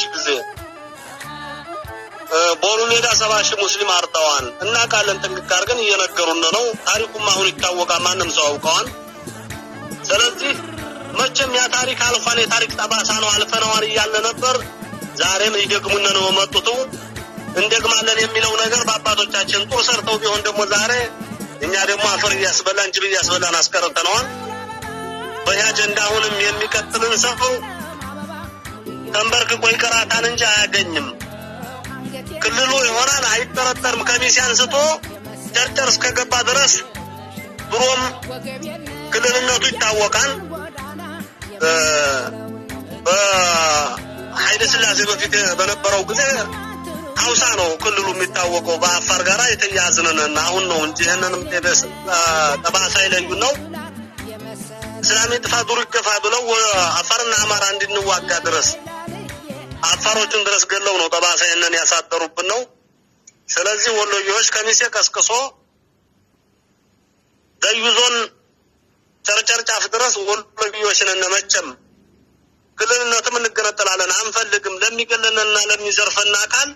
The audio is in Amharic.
ሺህ ጊዜ ቦሩ ሜዳ ሰባ ሺህ ሙስሊም እና እናውቃለን ጥንቅቅ ግን እየነገሩን ነው። ታሪኩም አሁን ይታወቃል። ማንም ሰው አውቀዋል። ስለዚህ መቼም ያ ታሪክ አልፏን የታሪክ ጠባሳ ነው። አልፈነዋል እያለ ነበር። ዛሬም ሊደግሙን ነው መጡቱ እንደግማለን የሚለው ነገር በአባቶቻችን ጡር ሰርተው ቢሆን ደግሞ ዛሬ እኛ ደግሞ አፈር እያስበላን ጅብ እያስበላን አስቀርተነዋል። በዚህ አጀንዳ አሁንም የሚቀጥልን ሰው ተንበርክኮ ይቀራታል እንጂ አያገኝም። ክልሉ ይሆናል አይጠረጠርም። ከሚሴ አንስቶ ጨርጨር እስከገባ ድረስ ብሮም ክልልነቱ ይታወቃል። በኃይለ ስላሴ በፊት በነበረው ጊዜ ሀውሳ ነው ክልሉ የሚታወቀው በአፋር ጋራ የተያያዝንን አሁን ነው እንጂ ይህንንም ጠባሳ ይለዩ ነው ስላሜ ጥፋ ዱር ይገፋ ብለው አፋርና አማራ እንድንዋጋ ድረስ አፋሮቹን ድረስ ገለው ነው ጠባሳ ይህንን ያሳደሩብን ነው። ስለዚህ ወሎዬዎች ከሚሴ ቀስቅሶ ደዩ ዞን ጨርጨርጫፍ ድረስ ወሎዬዎችን እነመቸም ክልልነትም እንገነጠላለን አንፈልግም ለሚገለንና ለሚዘርፈን አካል